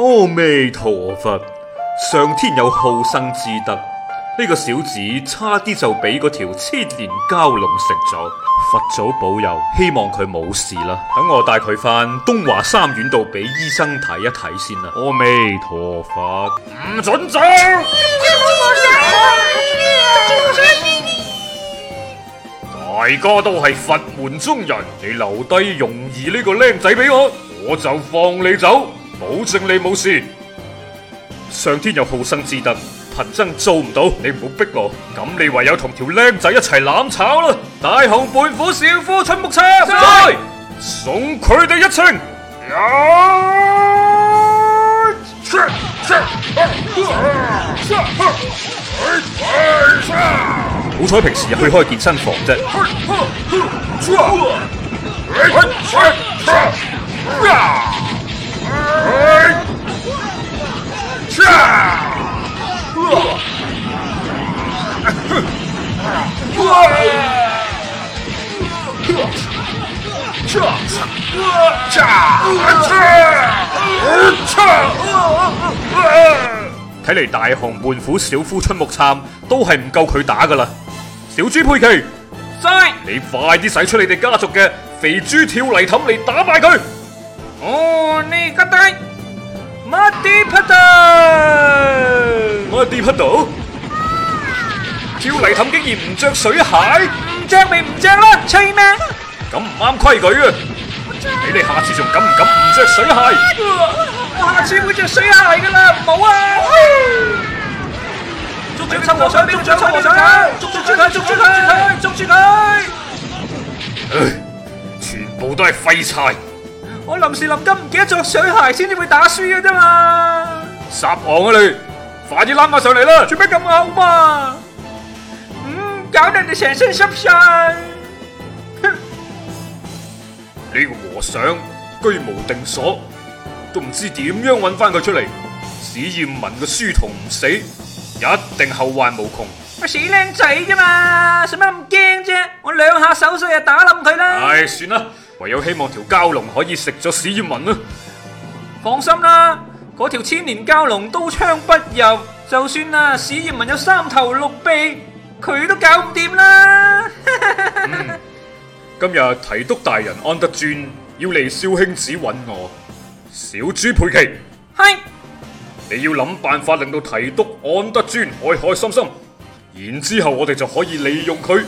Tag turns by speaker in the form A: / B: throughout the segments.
A: 阿彌陀佛，上天有好生之德，呢個小子差啲就俾嗰條千年蛟龍食咗。佛祖保佑，希望佢冇事啦。等我帶佢翻東華三院度俾醫生睇一睇先啦。阿彌陀佛，唔准走！大家都係佛門中人，你留低容兒呢個僆仔俾我，我就放你走。保證你冇事，上天有好生之德，貧僧做唔到，你唔好逼我，咁你唯有同條僆仔一齊攬炒啦！大雄伴虎小夫出木杉，再送佢哋一程。好彩平時又去開健身房啫。睇嚟大雄胖虎小夫出木杉都係唔夠佢打噶啦。小豬佩奇，水你快啲使出你哋家族嘅肥豬跳泥氹嚟打敗佢！哦，你家弟，馬蒂帕特，馬蒂帕特。跳泥氹竟然唔着水鞋，唔着咪唔着啦，吹咩？咁唔啱規矩啊！你哋下次仲敢唔敢唔着水鞋？我下次會着水鞋噶啦，唔好啊！捉住佢，捉住佢，捉住佢，捉住佢，捉住佢，捉住佢！全部都係廢柴。我臨時臨急唔記得着水鞋，先至會打輸噶啫嘛，撒謊啊你！快啲攬我上嚟啦，做咩咁口嘛？搞到你哋成身濕晒！哼，呢個和尚居無定所，都唔知點樣揾翻佢出嚟。史艷文嘅書童唔死，一定後患無窮。我死靚仔㗎嘛，使乜咁驚啫？我兩下手勢，就打冧佢啦！唉，算啦，唯有希望條蛟龍可以食咗史艷文啦。放心啦，嗰條千年蛟龍刀槍不入，就算啊史艷文有三頭六臂，佢都搞唔掂啦！今日提督大人安德尊要嚟紹興寺揾我，小豬佩奇，係是你要諗辦法令到提督安德尊開開心心，然之後我哋就可以利用佢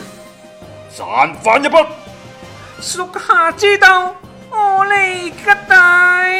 A: 賺翻一筆。屬下知道，我嚟吉大。